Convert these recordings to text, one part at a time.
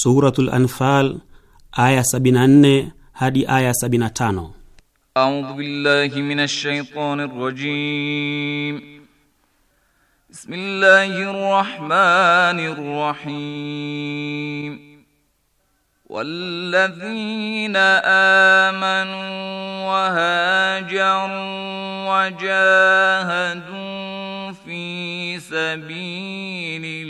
Suratul Anfal aya 74 hadi aya 75. A'udhu billahi minash shaitanir rajim. Bismillahir rahmanir rahim. والذين امنوا وهاجروا وجاهدوا في سبيل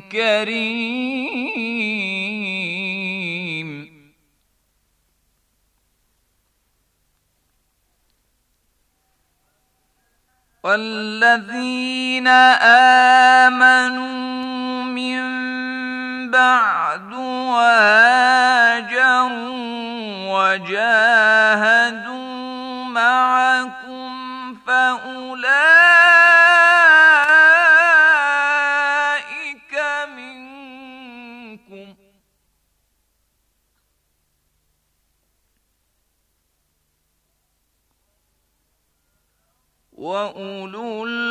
كريم والذين آمنوا من بعد وهاجروا وجاهدوا معهم wa ulul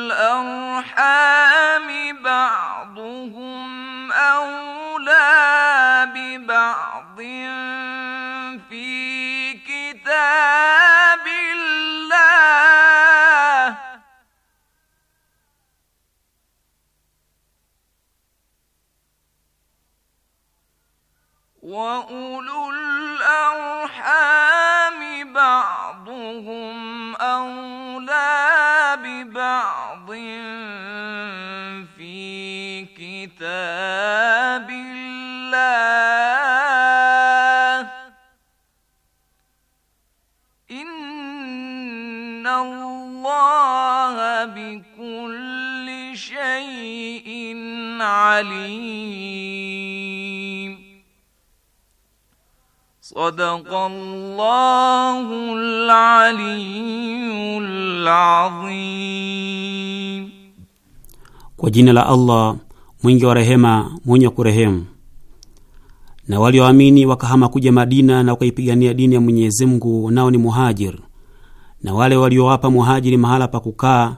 عليم صدق الله العلي العظيم kwa jina la Allah mwingi wa rehema mwenye kurehemu. Na walioamini wa wakahama kuja Madina na wakaipigania dini ya Mwenyezi Mungu, nao ni muhajir, na wale waliowapa wa muhajiri mahala pa kukaa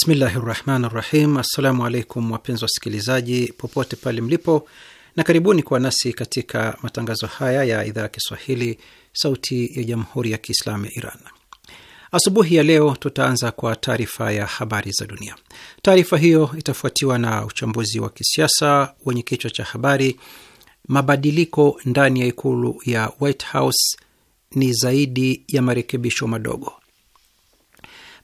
Bismillahi rahmani rahim. Assalamu alaikum wapenzi wasikilizaji popote pale mlipo, na karibuni kwa nasi katika matangazo haya ya idhaa ya Kiswahili sauti ya jamhuri ya Kiislamu ya Iran. Asubuhi ya leo tutaanza kwa taarifa ya habari za dunia. Taarifa hiyo itafuatiwa na uchambuzi wa kisiasa wenye kichwa cha habari, mabadiliko ndani ya ikulu ya White House ni zaidi ya marekebisho madogo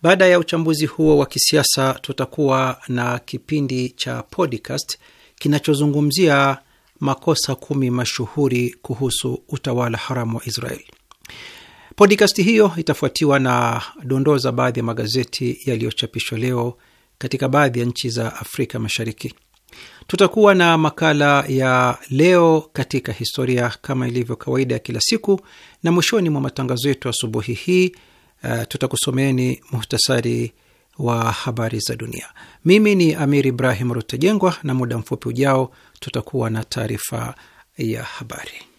baada ya uchambuzi huo wa kisiasa, tutakuwa na kipindi cha podcast kinachozungumzia makosa kumi mashuhuri kuhusu utawala haramu wa Israeli. Podcast hiyo itafuatiwa na dondoo za baadhi ya magazeti yaliyochapishwa leo katika baadhi ya nchi za Afrika Mashariki. Tutakuwa na makala ya leo katika historia kama ilivyo kawaida ya kila siku, na mwishoni mwa matangazo yetu asubuhi hii uh, tutakusomeeni muhtasari wa habari za dunia. Mimi ni Amir Ibrahim Rutejengwa, na muda mfupi ujao tutakuwa na taarifa ya habari.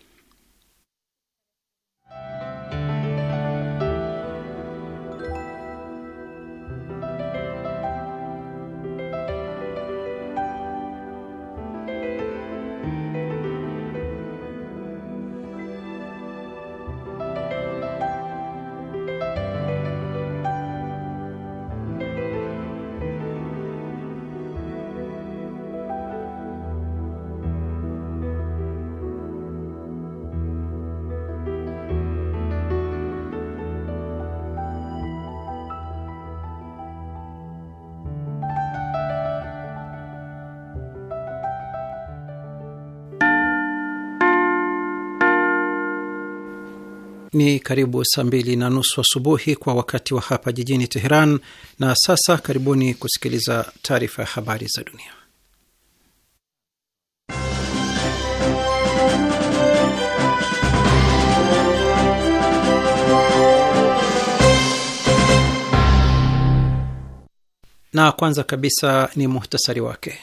ni karibu saa mbili na nusu asubuhi kwa wakati wa hapa jijini Teheran. Na sasa karibuni kusikiliza taarifa ya habari za dunia, na kwanza kabisa ni muhtasari wake.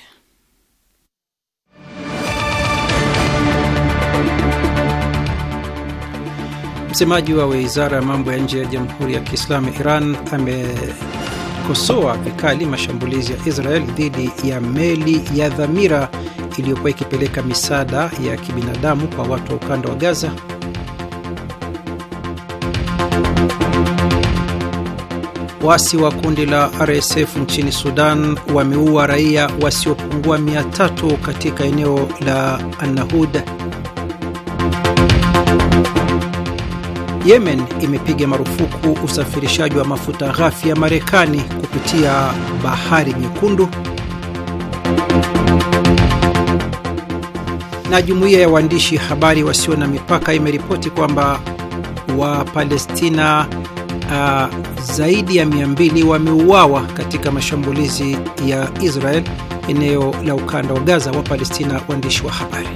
Msemaji wa wizara ya mambo ya nje ya Jamhuri ya Kiislamu Iran amekosoa vikali mashambulizi ya Israel dhidi ya meli ya dhamira iliyokuwa ikipeleka misaada ya kibinadamu kwa watu wa ukanda wa Gaza. Waasi wa kundi la RSF nchini Sudan wameua raia wasiopungua mia katika eneo la Annahud. Yemen imepiga marufuku usafirishaji wa mafuta ghafi ya Marekani kupitia Bahari Nyekundu, na jumuiya ya waandishi habari wasio na mipaka imeripoti kwamba Wapalestina uh, zaidi ya 200 wameuawa katika mashambulizi ya Israel eneo la ukanda wa Gaza. Wapalestina waandishi wa habari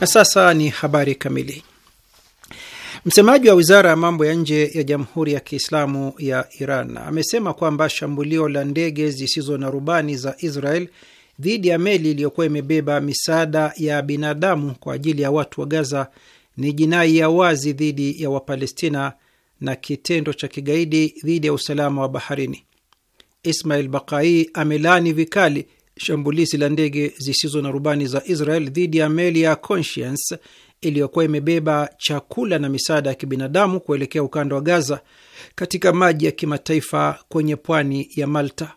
Na sasa ni habari kamili. Msemaji wa wizara ya mambo ya nje ya Jamhuri ya Kiislamu ya Iran amesema kwamba shambulio la ndege zisizo na rubani za Israel dhidi ya meli iliyokuwa imebeba misaada ya binadamu kwa ajili ya watu wa Gaza ni jinai ya wazi dhidi ya Wapalestina na kitendo cha kigaidi dhidi ya usalama wa baharini. Ismail Bakai amelaani vikali shambulizi la ndege zisizo na rubani za Israel dhidi ya meli ya Conscience iliyokuwa imebeba chakula na misaada ya kibinadamu kuelekea ukanda wa Gaza katika maji ya kimataifa kwenye pwani ya Malta.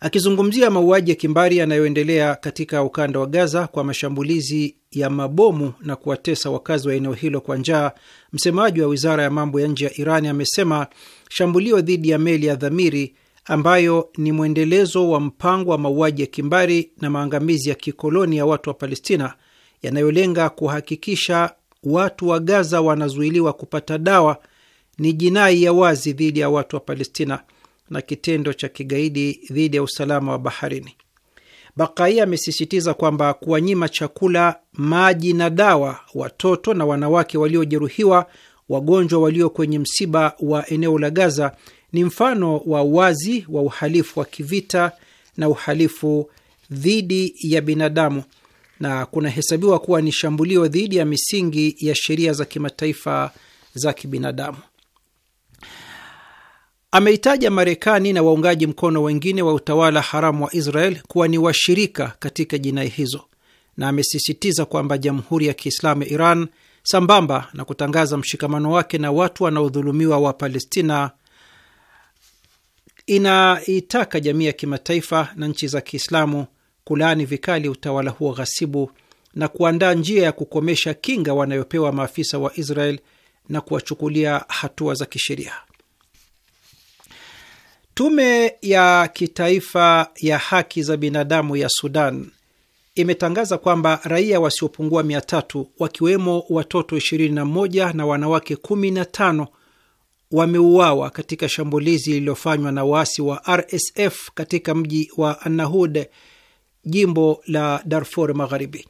Akizungumzia mauaji ya kimbari yanayoendelea katika ukanda wa Gaza kwa mashambulizi ya mabomu na kuwatesa wakazi wa eneo hilo kwa njaa, msemaji wa wizara ya mambo ya nje ya iran amesema shambulio dhidi ya meli ya Dhamiri ambayo ni mwendelezo wa mpango wa mauaji ya kimbari na maangamizi ya kikoloni ya watu wa Palestina yanayolenga kuhakikisha watu wa Gaza wanazuiliwa kupata dawa, ni jinai ya wazi dhidi ya watu wa Palestina na kitendo cha kigaidi dhidi ya usalama wa baharini. Bakai amesisitiza kwamba kuwanyima chakula, maji na dawa watoto na wanawake waliojeruhiwa, wagonjwa walio kwenye msiba wa eneo la Gaza ni mfano wa wazi wa uhalifu wa kivita na uhalifu dhidi ya binadamu na kunahesabiwa kuwa ni shambulio dhidi ya misingi ya sheria za kimataifa za kibinadamu. Ameitaja Marekani na waungaji mkono wengine wa utawala haramu wa Israel kuwa ni washirika katika jinai hizo, na amesisitiza kwamba Jamhuri ya Kiislamu ya Iran, sambamba na kutangaza mshikamano wake na watu wanaodhulumiwa wa Palestina, inaitaka jamii ya kimataifa na nchi za Kiislamu kulaani vikali utawala huo ghasibu na kuandaa njia ya kukomesha kinga wanayopewa maafisa wa Israel na kuwachukulia hatua za kisheria. Tume ya kitaifa ya haki za binadamu ya Sudan imetangaza kwamba raia wasiopungua mia tatu wakiwemo watoto 21 na wanawake 15 wameuawa katika shambulizi lililofanywa na waasi wa RSF katika mji wa Annahud, jimbo la Darfur Magharibi.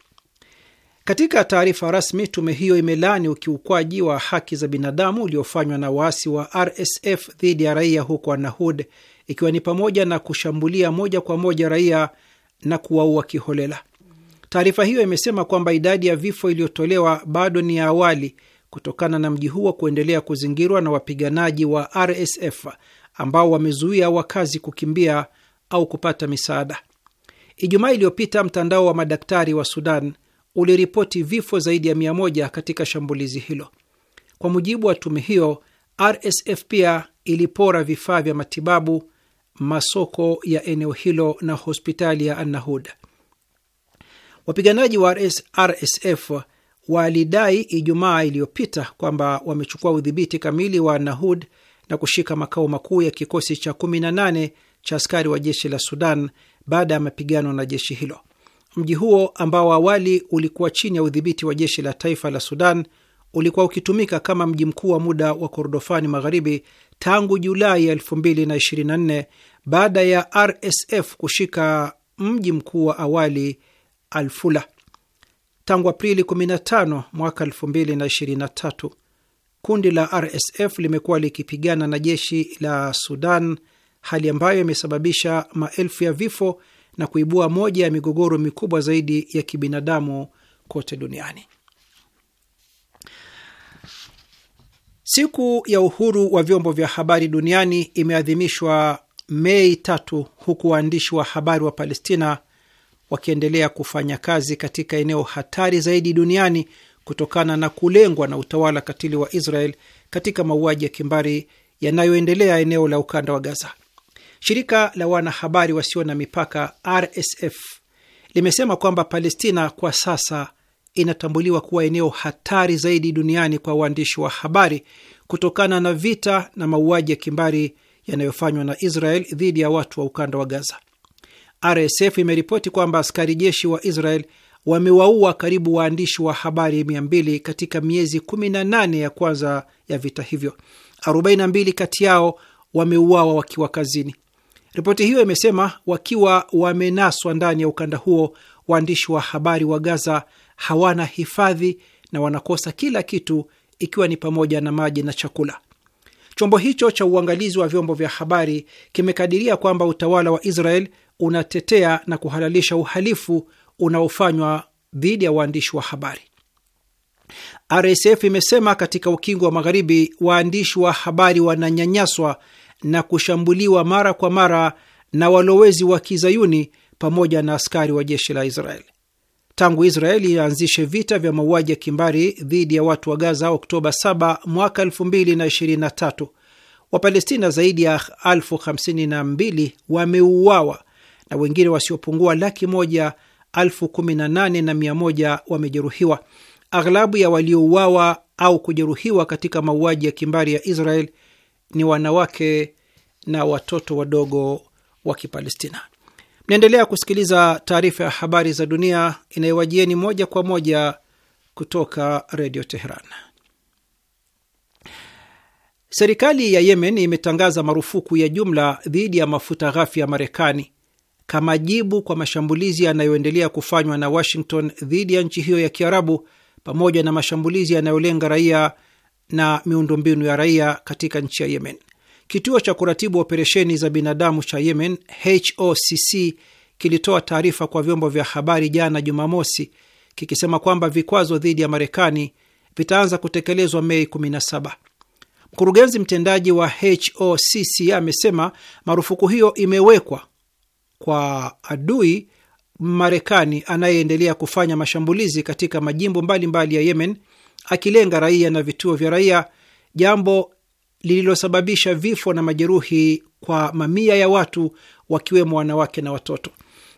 Katika taarifa rasmi, tume hiyo imelaani ukiukwaji wa haki za binadamu uliofanywa na waasi wa RSF dhidi ya raia huko Annahud, ikiwa ni pamoja na kushambulia moja kwa moja raia na kuwaua kiholela. Taarifa hiyo imesema kwamba idadi ya vifo iliyotolewa bado ni ya awali kutokana na mji huo kuendelea kuzingirwa na wapiganaji wa RSF ambao wamezuia wakazi kukimbia au kupata misaada. Ijumaa iliyopita mtandao wa madaktari wa Sudan uliripoti vifo zaidi ya mia moja katika shambulizi hilo. Kwa mujibu wa tume hiyo, RSF pia ilipora vifaa vya matibabu, masoko ya eneo hilo na hospitali ya Anahud. Wapiganaji wa RS, RSF walidai Ijumaa iliyopita kwamba wamechukua udhibiti kamili wa Nahud na kushika makao makuu ya kikosi cha 18 cha askari wa jeshi la Sudan baada ya mapigano na jeshi hilo. Mji huo ambao awali ulikuwa chini ya udhibiti wa jeshi la taifa la Sudan ulikuwa ukitumika kama mji mkuu wa muda wa Kordofani Magharibi tangu Julai 2024 baada ya RSF kushika mji mkuu wa awali Alfula. Tangu Aprili 15 mwaka 2023 kundi la RSF limekuwa likipigana na jeshi la Sudan, hali ambayo imesababisha maelfu ya vifo na kuibua moja ya migogoro mikubwa zaidi ya kibinadamu kote duniani. Siku ya uhuru wa vyombo vya habari duniani imeadhimishwa Mei tatu, huku waandishi wa habari wa Palestina wakiendelea kufanya kazi katika eneo hatari zaidi duniani kutokana na kulengwa na utawala katili wa Israel katika mauaji ya kimbari yanayoendelea eneo la ukanda wa Gaza. Shirika la wanahabari wasio na mipaka RSF limesema kwamba Palestina kwa sasa inatambuliwa kuwa eneo hatari zaidi duniani kwa waandishi wa habari kutokana na vita na mauaji ya kimbari yanayofanywa na Israel dhidi ya watu wa ukanda wa Gaza. RSF imeripoti kwamba askari jeshi wa Israel wamewaua karibu waandishi wa habari 200 katika miezi 18 ya kwanza ya vita hivyo. 42 kati yao wameuawa wakiwa kazini. Ripoti hiyo imesema wakiwa wamenaswa ndani ya ukanda huo, waandishi wa habari wa Gaza hawana hifadhi na wanakosa kila kitu, ikiwa ni pamoja na maji na chakula. Chombo hicho cha uangalizi wa vyombo vya habari kimekadiria kwamba utawala wa Israel unatetea na kuhalalisha uhalifu unaofanywa dhidi ya waandishi wa habari. RSF imesema katika ukingo wa Magharibi, waandishi wa habari wananyanyaswa na kushambuliwa mara kwa mara na walowezi wa kizayuni pamoja na askari wa jeshi la Israeli. Tangu Israeli ianzishe vita vya mauaji ya kimbari dhidi ya watu wa Gaza Oktoba 7 mwaka 2023, Wapalestina zaidi ya elfu 52 wameuawa na wengine wasiopungua laki moja elfu kumi na nane na mia moja wamejeruhiwa. Aghlabu ya waliouawa au kujeruhiwa katika mauaji ya kimbari ya Israel ni wanawake na watoto wadogo wa Kipalestina. Mnaendelea kusikiliza taarifa ya habari za dunia inayowajieni moja kwa moja kutoka Redio Teheran. Serikali ya Yemen imetangaza marufuku ya jumla dhidi ya mafuta ghafi ya Marekani kama jibu kwa mashambulizi yanayoendelea kufanywa na Washington dhidi ya nchi hiyo ya Kiarabu pamoja na mashambulizi yanayolenga raia na miundombinu ya raia katika nchi ya Yemen. Kituo cha kuratibu operesheni za binadamu cha Yemen, HOCC, kilitoa taarifa kwa vyombo vya habari jana Jumamosi kikisema kwamba vikwazo dhidi ya Marekani vitaanza kutekelezwa Mei 17. Mkurugenzi mtendaji wa HOCC amesema marufuku hiyo imewekwa kwa adui Marekani anayeendelea kufanya mashambulizi katika majimbo mbalimbali mbali ya Yemen, akilenga raia na vituo vya raia, jambo lililosababisha vifo na majeruhi kwa mamia ya watu, wakiwemo wanawake na watoto.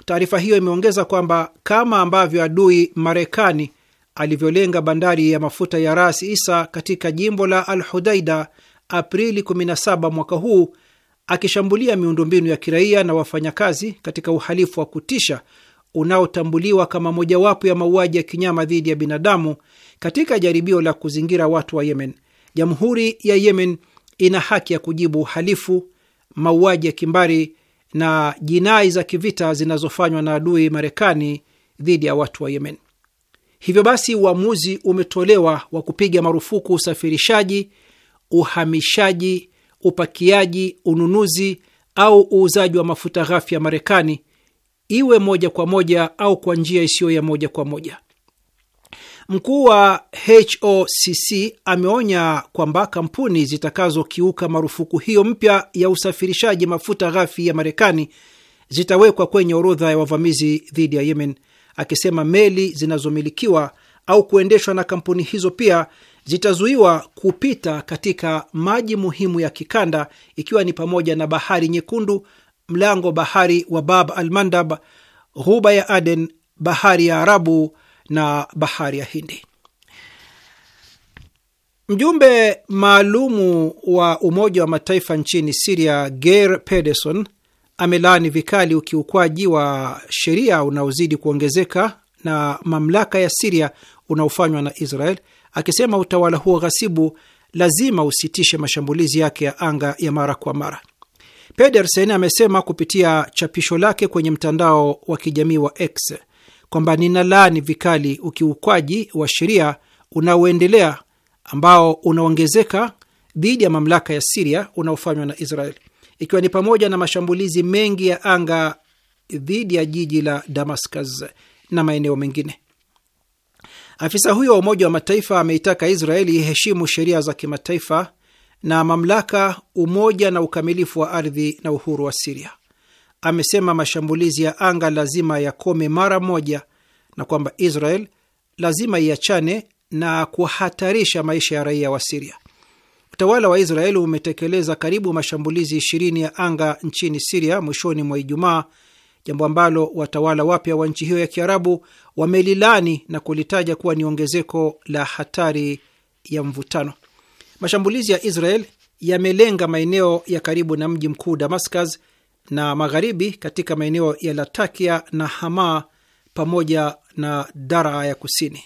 Taarifa hiyo imeongeza kwamba kama ambavyo adui Marekani alivyolenga bandari ya mafuta ya Ras Isa katika jimbo la Al Hudaida Aprili 17 mwaka huu, akishambulia miundombinu ya kiraia na wafanyakazi katika uhalifu wa kutisha unaotambuliwa kama mojawapo ya mauaji ya kinyama dhidi ya binadamu katika jaribio la kuzingira watu wa Yemen. Jamhuri ya Yemen ina haki ya kujibu uhalifu, mauaji ya kimbari na jinai za kivita zinazofanywa na adui Marekani dhidi ya watu wa Yemen. Hivyo basi, uamuzi umetolewa wa kupiga marufuku usafirishaji, uhamishaji upakiaji, ununuzi au uuzaji wa mafuta ghafi ya Marekani, iwe moja kwa moja au kwa njia isiyo ya moja kwa moja. Mkuu wa HOCC ameonya kwamba kampuni zitakazokiuka marufuku hiyo mpya ya usafirishaji mafuta ghafi ya Marekani zitawekwa kwenye orodha ya wavamizi dhidi ya Yemen, akisema meli zinazomilikiwa au kuendeshwa na kampuni hizo pia zitazuiwa kupita katika maji muhimu ya kikanda ikiwa ni pamoja na Bahari Nyekundu, mlango bahari wa Bab al Mandab, ghuba ya Aden, bahari ya Arabu na bahari ya Hindi. Mjumbe maalumu wa Umoja wa Mataifa nchini Siria, Geir Pedersen, amelaani vikali ukiukwaji wa sheria unaozidi kuongezeka na mamlaka ya Siria unaofanywa na Israel akisema utawala huo ghasibu lazima usitishe mashambulizi yake ya anga ya mara kwa mara. Pedersen amesema kupitia chapisho lake kwenye mtandao wa kijamii wa X kwamba ninalaani vikali ukiukwaji wa sheria unaoendelea ambao unaongezeka dhidi ya mamlaka ya Siria unaofanywa na israel ikiwa ni pamoja na mashambulizi mengi ya anga dhidi ya jiji la Damascus na maeneo mengine. Afisa huyo wa Umoja wa Mataifa ameitaka Israeli iheshimu sheria za kimataifa na mamlaka, umoja na ukamilifu wa ardhi na uhuru wa Siria. Amesema mashambulizi ya anga lazima yakome mara moja na kwamba Israel lazima iachane na kuhatarisha maisha ya raia wa Siria. Utawala wa Israeli umetekeleza karibu mashambulizi ishirini ya anga nchini Siria mwishoni mwa Ijumaa jambo ambalo watawala wapya wa nchi hiyo ya Kiarabu wamelilani na kulitaja kuwa ni ongezeko la hatari ya mvutano. Mashambulizi ya Israel yamelenga maeneo ya karibu na mji mkuu Damascus na magharibi katika maeneo ya Latakia na Hama pamoja na Daraa ya kusini.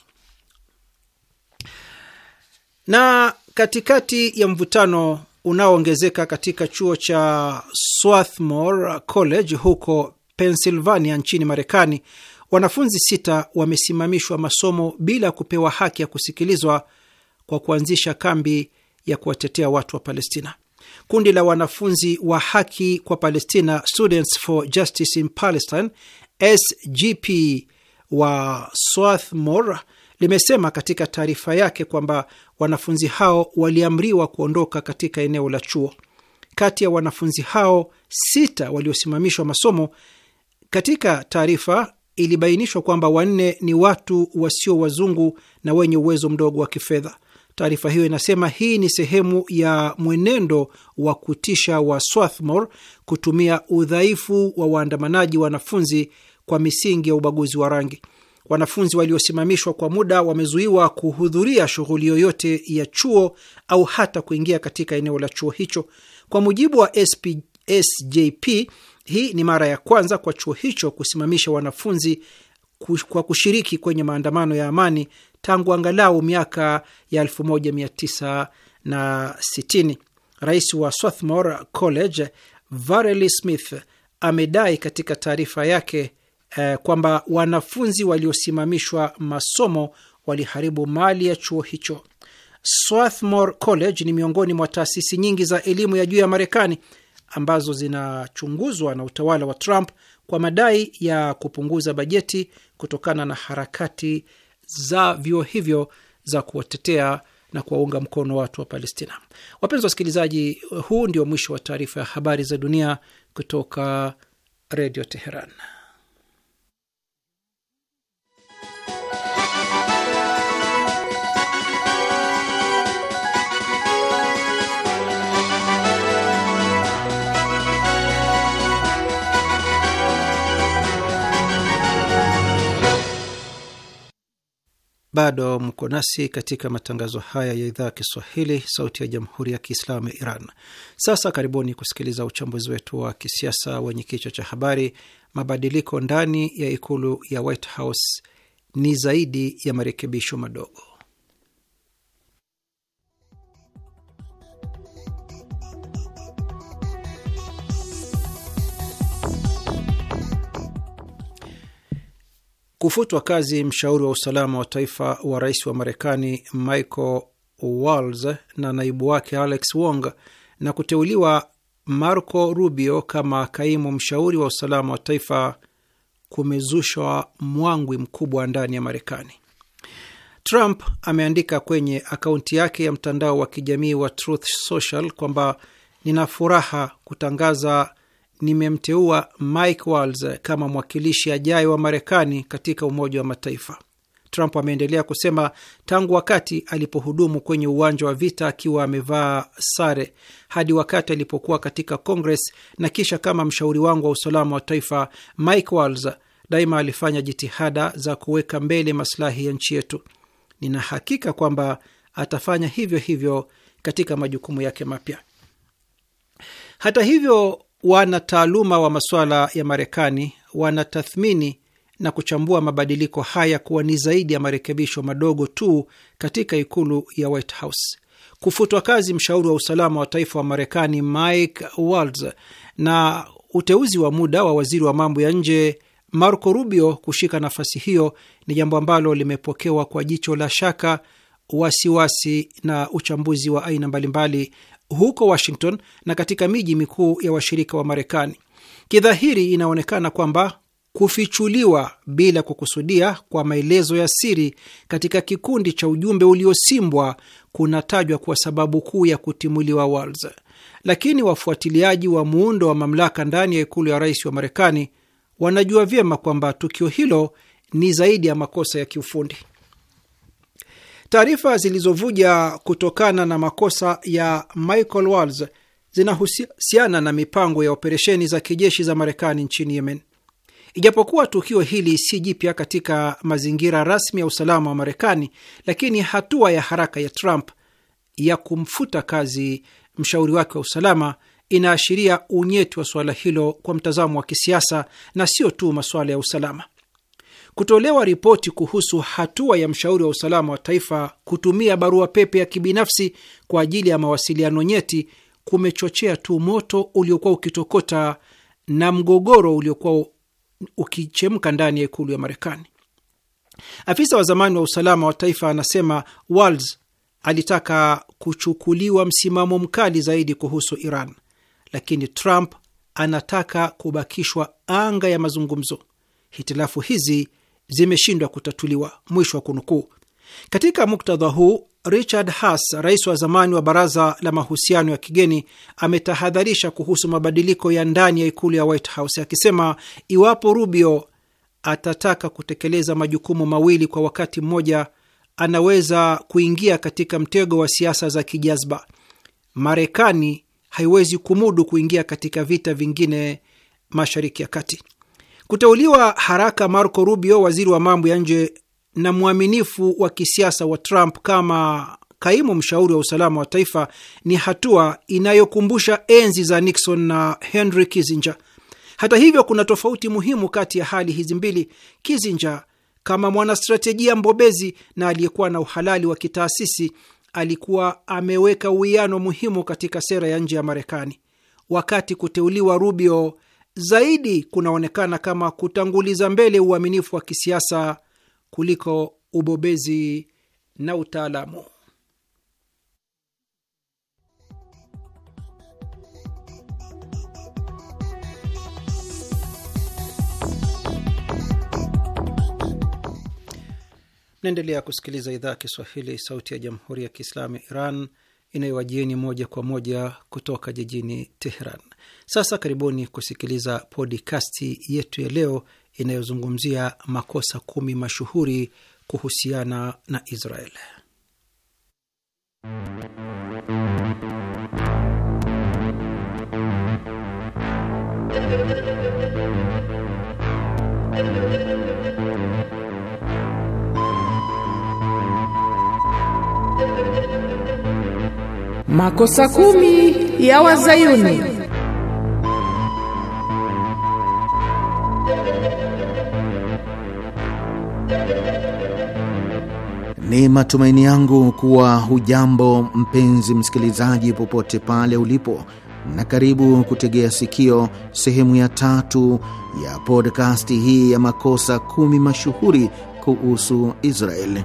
Na katikati ya mvutano unaoongezeka katika chuo cha Swarthmore College huko Pennsylvania nchini Marekani, wanafunzi sita wamesimamishwa masomo bila kupewa haki ya kusikilizwa kwa kuanzisha kambi ya kuwatetea watu wa Palestina. Kundi la wanafunzi wa haki kwa Palestina, Students for Justice in Palestine, SGP wa Swarthmore limesema katika taarifa yake kwamba wanafunzi hao waliamriwa kuondoka katika eneo la chuo. Kati ya wanafunzi hao sita waliosimamishwa masomo, katika taarifa ilibainishwa kwamba wanne ni watu wasio wazungu na wenye uwezo mdogo wa kifedha. Taarifa hiyo inasema hii ni sehemu ya mwenendo wa kutisha wa Swarthmore kutumia udhaifu wa waandamanaji wanafunzi kwa misingi ya ubaguzi wa rangi. Wanafunzi waliosimamishwa kwa muda wamezuiwa kuhudhuria shughuli yoyote ya chuo au hata kuingia katika eneo la chuo hicho. Kwa mujibu wa SP, SJP hii ni mara ya kwanza kwa chuo hicho kusimamisha wanafunzi kwa kushiriki kwenye maandamano ya amani tangu angalau miaka ya 1960. Rais wa Swarthmore College Vareli Smith amedai katika taarifa yake eh, kwamba wanafunzi waliosimamishwa masomo waliharibu mali ya chuo hicho. Swarthmore College ni miongoni mwa taasisi nyingi za elimu ya juu ya Marekani ambazo zinachunguzwa na utawala wa Trump kwa madai ya kupunguza bajeti kutokana na harakati za vyuo hivyo za kuwatetea na kuwaunga mkono watu wa Palestina. Wapenzi wasikilizaji, huu ndio mwisho wa taarifa ya habari za dunia kutoka Redio Teheran. Bado mko nasi katika matangazo haya ya idhaa ya Kiswahili, sauti ya jamhuri ya kiislamu ya Iran. Sasa karibuni kusikiliza uchambuzi wetu wa kisiasa wenye kichwa cha habari, mabadiliko ndani ya ikulu ya White House ni zaidi ya marekebisho madogo. Kufutwa kazi mshauri wa usalama wa taifa wa rais wa Marekani Michael Walz na naibu wake Alex Wong na kuteuliwa Marco Rubio kama kaimu mshauri wa usalama wa taifa kumezushwa mwangwi mkubwa ndani ya Marekani. Trump ameandika kwenye akaunti yake ya mtandao wa kijamii wa Truth Social kwamba nina furaha kutangaza nimemteua Mike Walls kama mwakilishi ajaye wa Marekani katika Umoja wa Mataifa. Trump ameendelea kusema tangu wakati alipohudumu kwenye uwanja wa vita akiwa amevaa sare hadi wakati alipokuwa katika Congress na kisha kama mshauri wangu wa usalama wa taifa, Mike Walls daima alifanya jitihada za kuweka mbele masilahi ya nchi yetu. Nina hakika kwamba atafanya hivyo hivyo katika majukumu yake mapya. Hata hivyo, wanataaluma wa masuala ya Marekani wanatathmini na kuchambua mabadiliko haya kuwa ni zaidi ya marekebisho madogo tu katika ikulu ya White House. Kufutwa kazi mshauri wa usalama wa taifa wa Marekani Mike Waltz na uteuzi wa muda wa waziri wa mambo ya nje Marco Rubio kushika nafasi hiyo ni jambo ambalo limepokewa kwa jicho la shaka, wasiwasi na uchambuzi wa aina mbalimbali huko Washington na katika miji mikuu ya washirika wa Marekani. Kidhahiri inaonekana kwamba kufichuliwa bila kukusudia kwa maelezo ya siri katika kikundi cha ujumbe uliosimbwa kunatajwa kuwa sababu kuu ya kutimuliwa Walls, lakini wafuatiliaji wa muundo wa mamlaka ndani ya ikulu ya rais wa Marekani wanajua vyema kwamba tukio hilo ni zaidi ya makosa ya kiufundi. Taarifa zilizovuja kutokana na makosa ya Michael wals zinahusiana na mipango ya operesheni za kijeshi za Marekani nchini Yemen. Ijapokuwa tukio hili si jipya katika mazingira rasmi ya usalama wa Marekani, lakini hatua ya haraka ya Trump ya kumfuta kazi mshauri wake wa usalama inaashiria unyeti wa suala hilo kwa mtazamo wa kisiasa na sio tu masuala ya usalama kutolewa ripoti kuhusu hatua ya mshauri wa usalama wa taifa kutumia barua pepe ya kibinafsi kwa ajili ya mawasiliano nyeti kumechochea tu moto uliokuwa ukitokota na mgogoro uliokuwa ukichemka ndani ya ikulu ya Marekani. Afisa wa zamani wa usalama wa taifa anasema Walls alitaka kuchukuliwa msimamo mkali zaidi kuhusu Iran, lakini Trump anataka kubakishwa anga ya mazungumzo. Hitilafu hizi zimeshindwa kutatuliwa. Mwisho wa kunukuu. Katika muktadha huu, Richard hass rais wa zamani wa Baraza la Mahusiano ya Kigeni, ametahadharisha kuhusu mabadiliko ya ndani ya ikulu ya White House akisema iwapo Rubio atataka kutekeleza majukumu mawili kwa wakati mmoja, anaweza kuingia katika mtego wa siasa za kijazba. Marekani haiwezi kumudu kuingia katika vita vingine Mashariki ya Kati. Kuteuliwa haraka Marco Rubio, waziri wa mambo ya nje na mwaminifu wa kisiasa wa Trump, kama kaimu mshauri wa usalama wa taifa ni hatua inayokumbusha enzi za Nixon na Henry Kissinger. Hata hivyo, kuna tofauti muhimu kati ya hali hizi mbili. Kissinger kama mwanastratejia mbobezi na aliyekuwa na uhalali wa kitaasisi alikuwa ameweka uwiano muhimu katika sera ya nje ya Marekani, wakati kuteuliwa Rubio zaidi kunaonekana kama kutanguliza mbele uaminifu wa kisiasa kuliko ubobezi na utaalamu. Naendelea kusikiliza idhaa ya Kiswahili, sauti ya jamhuri ya kiislamu ya Iran inayowajieni moja kwa moja kutoka jijini Teheran. Sasa karibuni kusikiliza podikasti yetu ya leo inayozungumzia makosa kumi mashuhuri kuhusiana na Israel. Makosa kumi ya Wazayuni. Ni matumaini yangu kuwa hujambo mpenzi msikilizaji, popote pale ulipo, na karibu kutegea sikio sehemu ya tatu ya podkasti hii ya makosa kumi mashuhuri kuhusu Israel.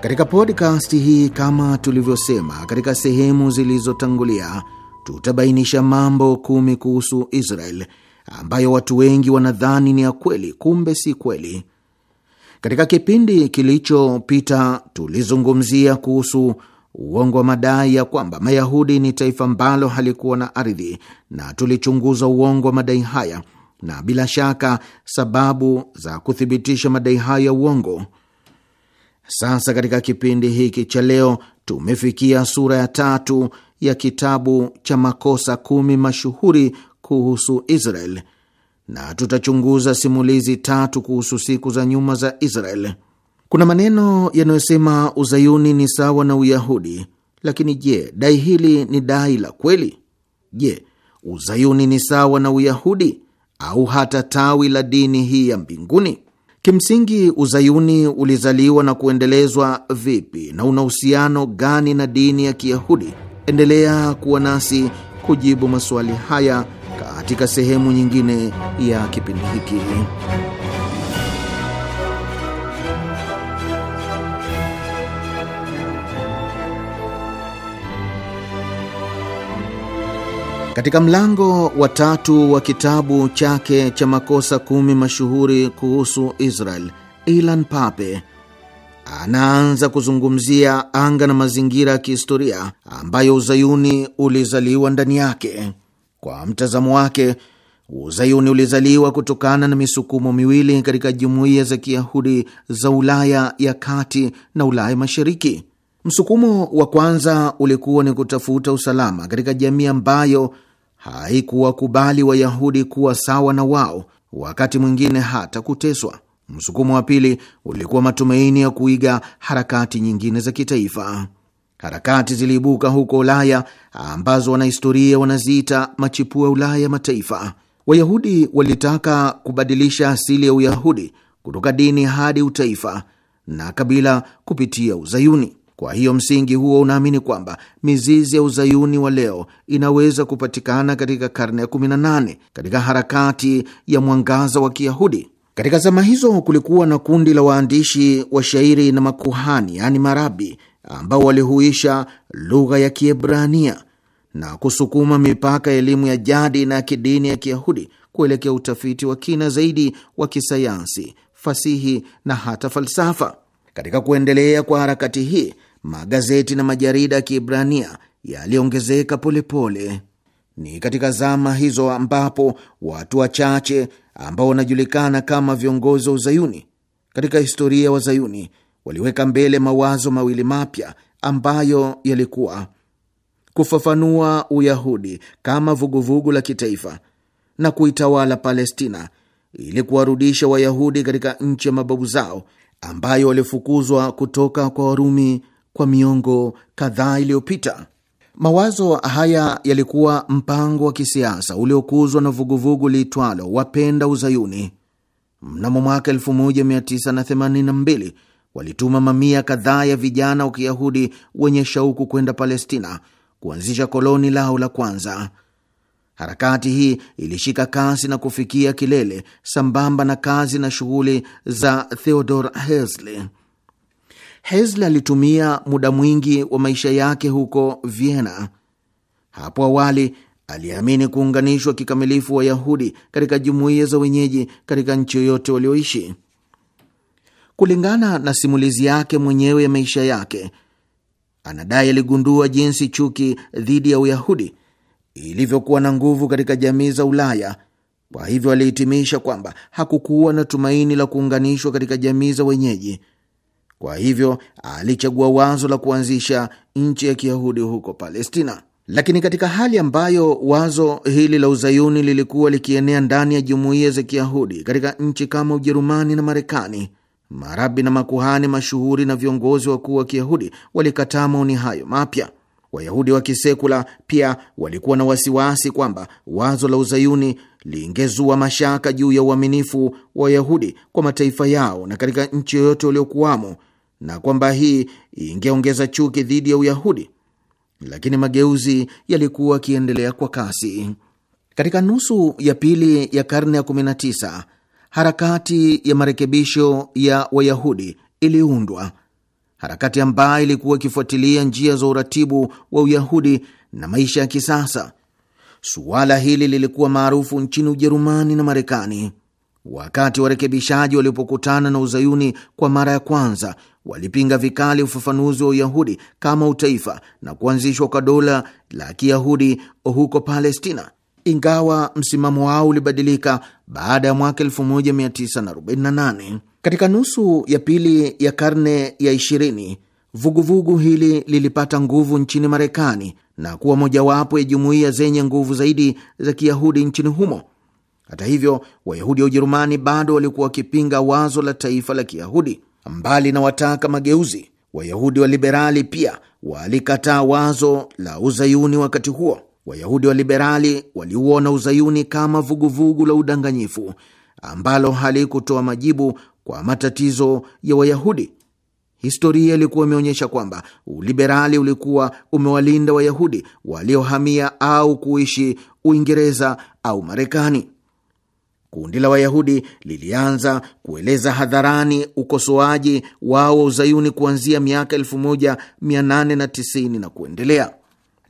Katika podkasti hii, kama tulivyosema katika sehemu zilizotangulia, tutabainisha mambo kumi kuhusu Israel ambayo watu wengi wanadhani ni ya kweli, kumbe si kweli. Katika kipindi kilichopita tulizungumzia kuhusu uongo wa madai ya kwamba Mayahudi ni taifa ambalo halikuwa na ardhi, na tulichunguza uongo wa madai haya na bila shaka sababu za kuthibitisha madai hayo ya uongo. Sasa katika kipindi hiki cha leo tumefikia sura ya tatu ya kitabu cha makosa kumi mashuhuri kuhusu Israel na tutachunguza simulizi tatu kuhusu siku za nyuma za Israel. Kuna maneno yanayosema uzayuni ni sawa na Uyahudi, lakini je, dai hili ni dai la kweli? Je, uzayuni ni sawa na Uyahudi au hata tawi la dini hii ya mbinguni? Kimsingi, uzayuni ulizaliwa na kuendelezwa vipi na una uhusiano gani na dini ya Kiyahudi? Endelea kuwa nasi kujibu maswali haya katika sehemu nyingine ya kipindi hiki. Katika mlango wa tatu wa kitabu chake cha makosa kumi mashuhuri kuhusu Israel, Ilan Pape anaanza kuzungumzia anga na mazingira ya kihistoria ambayo uzayuni ulizaliwa ndani yake. Kwa mtazamo wake, Uzayuni ulizaliwa kutokana na misukumo miwili katika jumuiya za Kiyahudi za Ulaya ya kati na Ulaya Mashariki. Msukumo wa kwanza ulikuwa ni kutafuta usalama katika jamii ambayo haikuwakubali Wayahudi kuwa sawa na wao, wakati mwingine hata kuteswa. Msukumo wa pili ulikuwa matumaini ya kuiga harakati nyingine za kitaifa. Harakati ziliibuka huko Ulaya ambazo wanahistoria wanaziita machipua Ulaya mataifa. Wayahudi walitaka kubadilisha asili ya Uyahudi kutoka dini hadi utaifa na kabila kupitia Uzayuni. Kwa hiyo msingi huo unaamini kwamba mizizi ya uzayuni wa leo inaweza kupatikana katika karne ya 18 katika harakati ya mwangaza wa Kiyahudi. Katika zama hizo kulikuwa na kundi la waandishi wa shairi na makuhani, yaani marabi, ambao walihuisha lugha ya Kiebrania na kusukuma mipaka ya elimu ya jadi na kidini ya Kiyahudi kuelekea utafiti wa kina zaidi wa kisayansi, fasihi na hata falsafa. Katika kuendelea kwa harakati hii, magazeti na majarida ya Kiebrania yaliongezeka polepole. Ni katika zama hizo ambapo watu wachache ambao wanajulikana kama viongozi wa Uzayuni katika historia ya Wazayuni waliweka mbele mawazo mawili mapya ambayo yalikuwa kufafanua Uyahudi kama vuguvugu vugu la kitaifa na kuitawala Palestina ili kuwarudisha Wayahudi katika nchi ya mababu zao ambayo walifukuzwa kutoka kwa Warumi kwa miongo kadhaa iliyopita. Mawazo haya yalikuwa mpango wa kisiasa uliokuzwa na vuguvugu liitwalo Wapenda Uzayuni. Mnamo mwaka 1982 walituma mamia kadhaa ya vijana wa Kiyahudi wenye shauku kwenda Palestina kuanzisha koloni lao la kwanza. Harakati hii ilishika kasi na kufikia kilele sambamba na kazi na shughuli za Theodor Herzl. Herzl alitumia muda mwingi wa maisha yake huko Vienna. Hapo awali aliamini kuunganishwa kikamilifu Wayahudi katika jumuiya za wenyeji katika nchi yoyote walioishi. Kulingana na simulizi yake mwenyewe ya maisha yake, anadai aligundua jinsi chuki dhidi ya Uyahudi ilivyokuwa na nguvu katika jamii za Ulaya. Kwa hivyo alihitimisha kwamba hakukuwa na tumaini la kuunganishwa katika jamii za wenyeji. Kwa hivyo alichagua wazo la kuanzisha nchi ya Kiyahudi huko Palestina. Lakini katika hali ambayo wazo hili la uzayuni lilikuwa likienea ndani ya jumuiya za Kiyahudi katika nchi kama Ujerumani na Marekani, Marabi na makuhani mashuhuri na viongozi wakuu wa Kiyahudi walikataa maoni hayo mapya. Wayahudi wa kisekula pia walikuwa na wasiwasi kwamba wazo la uzayuni liingezua mashaka juu ya uaminifu wa Wayahudi kwa mataifa yao na katika nchi yoyote waliokuwamo, na kwamba hii ingeongeza chuki dhidi ya Uyahudi. Lakini mageuzi yalikuwa yakiendelea kwa kasi. Katika nusu ya pili ya karne ya 19 harakati ya marekebisho ya Wayahudi iliundwa, harakati ambayo ilikuwa ikifuatilia njia za uratibu wa Uyahudi na maisha ya kisasa. Suala hili lilikuwa maarufu nchini Ujerumani na Marekani. Wakati warekebishaji walipokutana na uzayuni kwa mara ya kwanza, walipinga vikali ufafanuzi wa Uyahudi kama utaifa na kuanzishwa kwa dola la Kiyahudi huko Palestina ingawa msimamo wao ulibadilika baada ya mwaka 1948. Katika nusu ya pili ya karne ya 20 vuguvugu hili lilipata nguvu nchini Marekani na kuwa mojawapo ya jumuiya zenye nguvu zaidi za Kiyahudi nchini humo. Hata hivyo, Wayahudi wa Ujerumani bado walikuwa wakipinga wazo la taifa la Kiyahudi. Mbali na wataka mageuzi, Wayahudi wa liberali pia walikataa wazo la uzayuni wakati huo. Wayahudi wa liberali waliuona uzayuni kama vuguvugu vugu la udanganyifu ambalo halikutoa majibu kwa matatizo ya Wayahudi. Historia ilikuwa imeonyesha kwamba uliberali ulikuwa umewalinda Wayahudi waliohamia au kuishi Uingereza au Marekani. Kundi la Wayahudi lilianza kueleza hadharani ukosoaji wao wa uzayuni kuanzia miaka 1890 na kuendelea.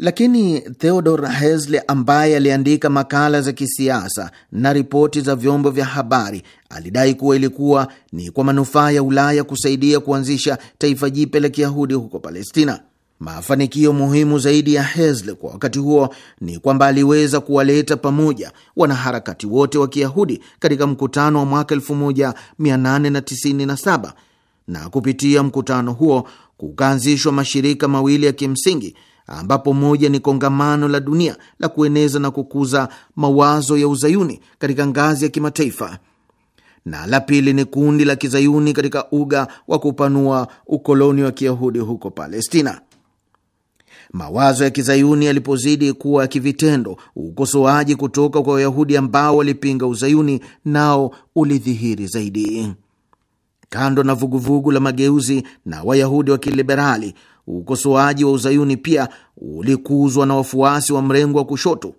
Lakini Theodor Herzl ambaye aliandika makala za kisiasa na ripoti za vyombo vya habari alidai kuwa ilikuwa ni kwa manufaa ya Ulaya kusaidia kuanzisha taifa jipya la Kiyahudi huko Palestina. Mafanikio muhimu zaidi ya Herzl kwa wakati huo ni kwamba aliweza kuwaleta pamoja wanaharakati wote wa Kiyahudi katika mkutano wa mwaka 1897 na kupitia mkutano huo kukaanzishwa mashirika mawili ya kimsingi ambapo moja ni kongamano la dunia la kueneza na kukuza mawazo ya uzayuni katika ngazi ya kimataifa na la pili ni kundi la kizayuni katika uga wa kupanua ukoloni wa kiyahudi huko Palestina. Mawazo ya kizayuni yalipozidi kuwa ya kivitendo, ukosoaji kutoka kwa Wayahudi ambao walipinga uzayuni nao ulidhihiri zaidi. Kando na vuguvugu la mageuzi na Wayahudi wa kiliberali Ukosoaji wa uzayuni pia ulikuzwa na wafuasi wa mrengo wa kushoto,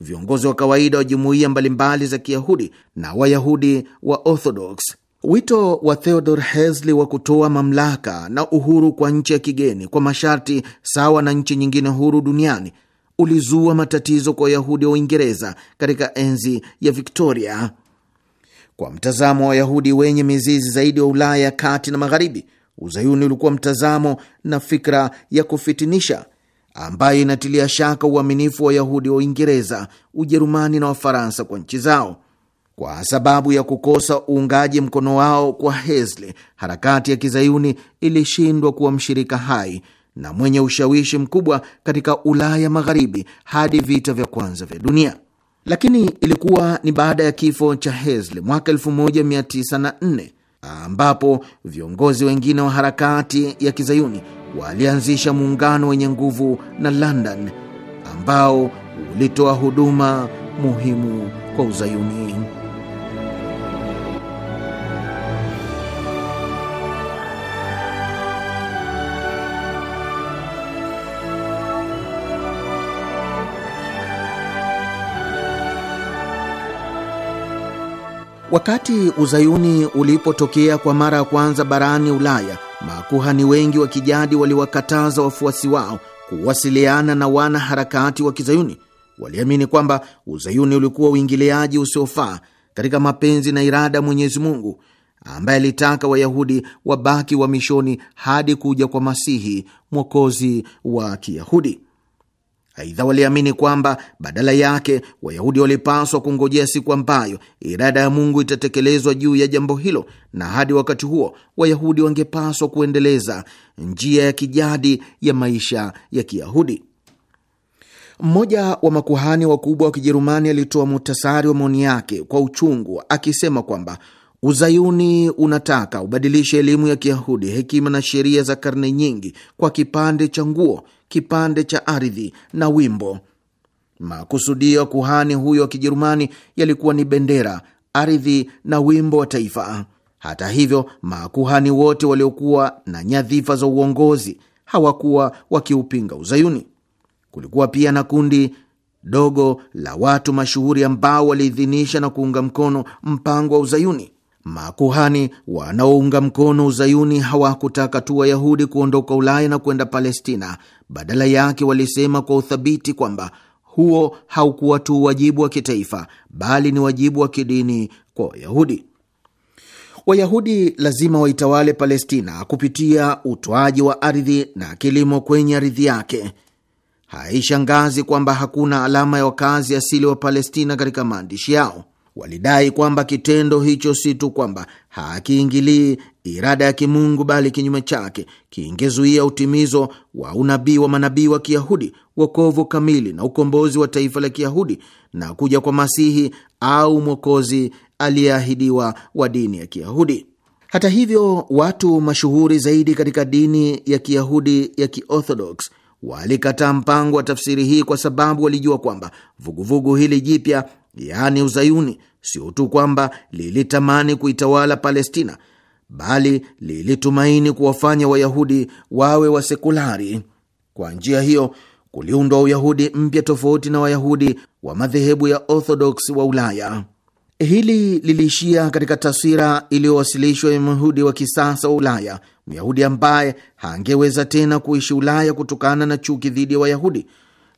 viongozi wa kawaida wa jumuiya mbalimbali za Kiyahudi na Wayahudi wa Orthodox. Wito wa Theodor Herzl wa kutoa mamlaka na uhuru kwa nchi ya kigeni kwa masharti sawa na nchi nyingine huru duniani ulizua matatizo kwa Wayahudi wa Uingereza katika enzi ya Viktoria. Kwa mtazamo wa Wayahudi wenye mizizi zaidi wa Ulaya ya kati na magharibi Uzayuni ulikuwa mtazamo na fikra ya kufitinisha ambayo inatilia shaka uaminifu wa Wayahudi wa Uingereza, Ujerumani na Wafaransa kwa nchi zao kwa sababu ya kukosa uungaji mkono wao kwa Hesle, harakati ya kizayuni ilishindwa kuwa mshirika hai na mwenye ushawishi mkubwa katika Ulaya Magharibi hadi vita vya kwanza vya dunia. Lakini ilikuwa ni baada ya kifo cha Hesle mwaka 1904 ambapo viongozi wengine wa harakati ya kizayuni walianzisha muungano wenye nguvu na London ambao ulitoa huduma muhimu kwa uzayuni. Wakati uzayuni ulipotokea kwa mara ya kwanza barani Ulaya, makuhani wengi wa kijadi waliwakataza wafuasi wao kuwasiliana na wanaharakati wa kizayuni. Waliamini kwamba uzayuni ulikuwa uingiliaji usiofaa katika mapenzi na irada mwenyezimungu Mwenyezi Mungu ambaye alitaka Wayahudi wabaki wa mishoni hadi kuja kwa Masihi mwokozi wa Kiyahudi. Aidha, waliamini kwamba badala yake Wayahudi walipaswa kungojea siku ambayo irada ya Mungu itatekelezwa juu ya jambo hilo, na hadi wakati huo Wayahudi wangepaswa kuendeleza njia ya kijadi ya maisha ya Kiyahudi. Mmoja wa makuhani wakubwa wa Kijerumani alitoa muhtasari wa maoni yake kwa uchungu, akisema kwamba Uzayuni unataka ubadilishe elimu ya Kiyahudi, hekima na sheria za karne nyingi kwa kipande cha nguo kipande cha ardhi na wimbo. Makusudio ya kuhani huyo wa Kijerumani yalikuwa ni bendera, ardhi na wimbo wa taifa. Hata hivyo, makuhani wote waliokuwa na nyadhifa za uongozi hawakuwa wakiupinga Uzayuni. Kulikuwa pia na kundi dogo la watu mashuhuri ambao waliidhinisha na kuunga mkono mpango wa Uzayuni. Makuhani wanaounga mkono uzayuni hawakutaka tu Wayahudi kuondoka Ulaya na kwenda Palestina. Badala yake, walisema kwa uthabiti kwamba huo haukuwa tu wajibu wa kitaifa, bali ni wajibu wa kidini kwa Wayahudi. Wayahudi lazima waitawale Palestina kupitia utoaji wa ardhi na kilimo kwenye ardhi yake. Haishangazi kwamba hakuna alama ya wakazi asili wa Palestina katika maandishi yao walidai kwamba kitendo hicho si tu kwamba hakiingilii irada ya kimungu bali kinyume chake kingezuia utimizo wa unabii wa manabii wa Kiyahudi, wokovu kamili na ukombozi wa taifa la Kiyahudi na kuja kwa Masihi au mwokozi aliyeahidiwa wa dini ya Kiyahudi. Hata hivyo, watu mashuhuri zaidi katika dini ya Kiyahudi ya Kiorthodox walikataa mpango wa tafsiri hii kwa sababu walijua kwamba vuguvugu hili jipya yaani Uzayuni, sio tu kwamba lilitamani kuitawala Palestina, bali lilitumaini kuwafanya Wayahudi wawe wasekulari. Kwa njia hiyo kuliundwa Uyahudi mpya tofauti na Wayahudi wa madhehebu ya Orthodox wa Ulaya. Hili liliishia katika taswira iliyowasilishwa ya Myahudi wa kisasa wa Ulaya, Myahudi ambaye hangeweza tena kuishi Ulaya kutokana na chuki dhidi ya Wayahudi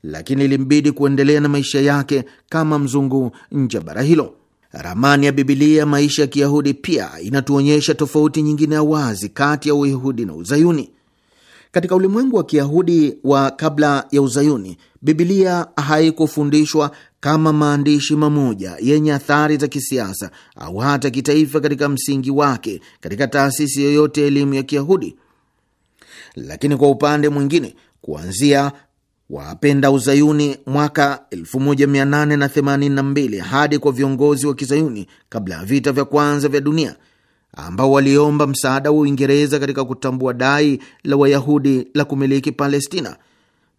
lakini ilimbidi kuendelea na maisha yake kama mzungu nje ya bara hilo. Ramani ya Bibilia ya maisha ya Kiyahudi pia inatuonyesha tofauti nyingine ya wazi kati ya Uyahudi na Uzayuni. Katika ulimwengu wa Kiyahudi wa kabla ya Uzayuni, Bibilia haikufundishwa kama maandishi mamoja yenye athari za kisiasa au hata kitaifa katika msingi wake katika taasisi yoyote ya elimu ya Kiyahudi. Lakini kwa upande mwingine, kuanzia wapenda uzayuni mwaka 1882 hadi kwa viongozi wa kizayuni kabla ya vita vya kwanza vya dunia ambao waliomba msaada wa Uingereza katika kutambua dai la Wayahudi la kumiliki Palestina.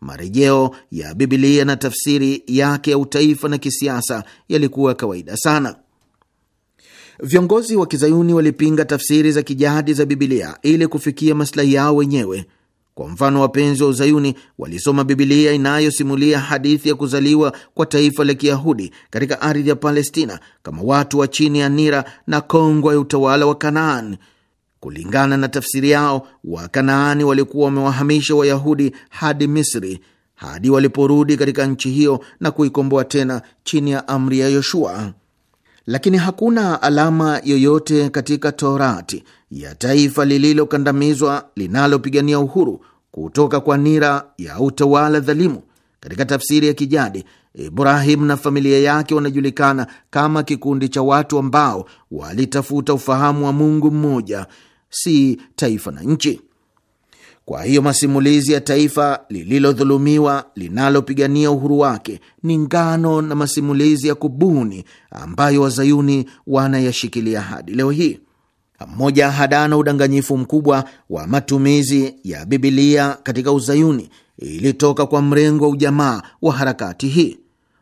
Marejeo ya Bibilia na tafsiri yake ya utaifa na kisiasa yalikuwa ya kawaida sana. Viongozi wa kizayuni walipinga tafsiri za kijadi za Bibilia ili kufikia maslahi yao wenyewe. Kwa mfano, wapenzi wa Uzayuni walisoma Bibilia inayosimulia hadithi ya kuzaliwa kwa taifa la Kiyahudi katika ardhi ya Palestina kama watu wa chini ya nira na kongwa ya utawala wa kanaan Kulingana na tafsiri yao, Wakanaani walikuwa wamewahamisha Wayahudi hadi Misri hadi waliporudi katika nchi hiyo na kuikomboa tena chini ya amri ya Yoshua lakini hakuna alama yoyote katika Torati ya taifa lililokandamizwa linalopigania uhuru kutoka kwa nira ya utawala dhalimu. Katika tafsiri ya kijadi, Ibrahim na familia yake wanajulikana kama kikundi cha watu ambao walitafuta ufahamu wa Mungu mmoja, si taifa na nchi. Kwa hiyo masimulizi ya taifa lililodhulumiwa linalopigania uhuru wake ni ngano na masimulizi ya kubuni ambayo wazayuni wanayashikilia hadi leo hii. Mmoja hadana udanganyifu mkubwa wa matumizi ya Bibilia katika uzayuni ilitoka kwa mrengo wa ujamaa wa harakati hii.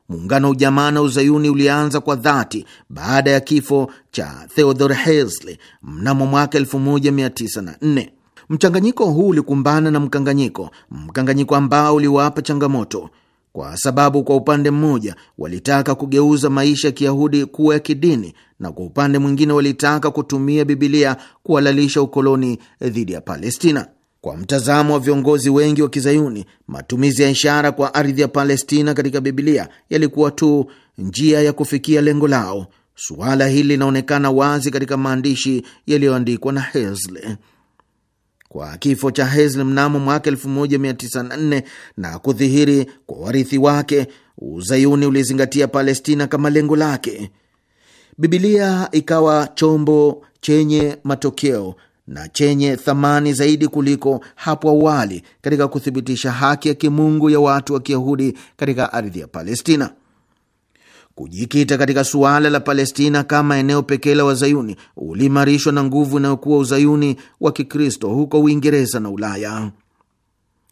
Muungano wa ujamaa na uzayuni ulianza kwa dhati baada ya kifo cha Theodor Herzl mnamo mwaka 1904. Mchanganyiko huu ulikumbana na mkanganyiko, mkanganyiko ambao uliwapa changamoto, kwa sababu kwa upande mmoja walitaka kugeuza maisha ya Kiyahudi kuwa ya kidini na kwa upande mwingine walitaka kutumia Bibilia kuhalalisha ukoloni dhidi ya Palestina. Kwa mtazamo wa viongozi wengi wa Kizayuni, matumizi ya ishara kwa ardhi ya Palestina katika Bibilia yalikuwa tu njia ya kufikia lengo lao. Suala hili linaonekana wazi katika maandishi yaliyoandikwa na Herzl kwa kifo cha Hezl mnamo mwaka 1904 na kudhihiri kwa warithi wake, Uzayuni ulizingatia Palestina kama lengo lake. Bibilia ikawa chombo chenye matokeo na chenye thamani zaidi kuliko hapo awali katika kuthibitisha haki ya kimungu ya watu wa Kiyahudi katika ardhi ya Palestina. Kujikita katika suala la Palestina kama eneo pekee la wazayuni uliimarishwa na nguvu inayokuwa uzayuni wa Kikristo huko Uingereza na Ulaya.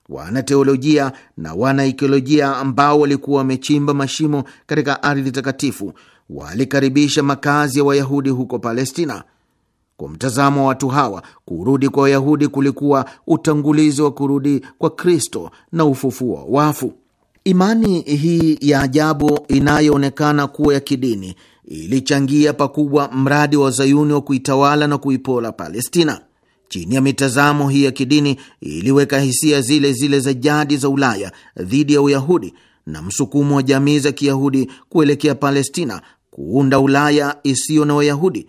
Wanateolojia na wanaikiolojia ambao walikuwa wamechimba mashimo katika ardhi takatifu walikaribisha makazi ya Wayahudi huko Palestina. Kwa mtazamo wa watu hawa, kurudi kwa Wayahudi kulikuwa utangulizi wa kurudi kwa Kristo na ufufuo wa wafu. Imani hii ya ajabu inayoonekana kuwa ya kidini ilichangia pakubwa mradi wa Zayuni wa kuitawala na kuipola Palestina. Chini ya mitazamo hii ya kidini iliweka hisia zile zile za jadi za Ulaya dhidi ya Uyahudi na msukumo wa jamii za Kiyahudi kuelekea Palestina kuunda Ulaya isiyo na Wayahudi.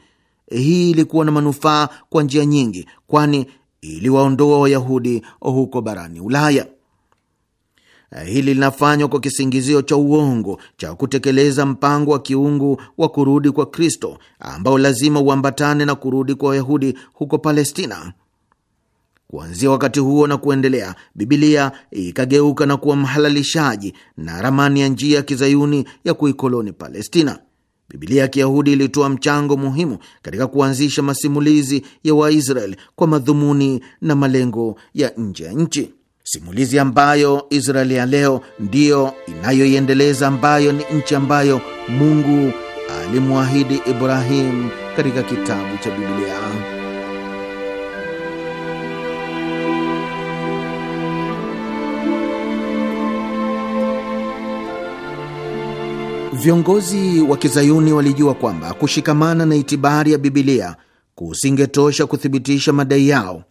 Hii ilikuwa na manufaa kwa njia nyingi, kwani iliwaondoa Wayahudi huko barani Ulaya. Eh, hili linafanywa kwa kisingizio cha uongo cha kutekeleza mpango wa kiungu wa kurudi kwa Kristo ambao lazima uambatane na kurudi kwa Wayahudi huko Palestina. Kuanzia wakati huo na kuendelea, Bibilia ikageuka na kuwa mhalalishaji na ramani ya njia ya kizayuni ya kuikoloni Palestina. Bibilia ya Kiyahudi ilitoa mchango muhimu katika kuanzisha masimulizi ya waisrael kwa madhumuni na malengo ya nje ya nchi simulizi ambayo Israeli ya leo ndiyo inayoiendeleza, ambayo ni nchi ambayo Mungu alimwahidi Ibrahimu katika kitabu cha Biblia. Viongozi wa kizayuni walijua kwamba kushikamana na itibari ya Bibilia kusingetosha kuthibitisha madai yao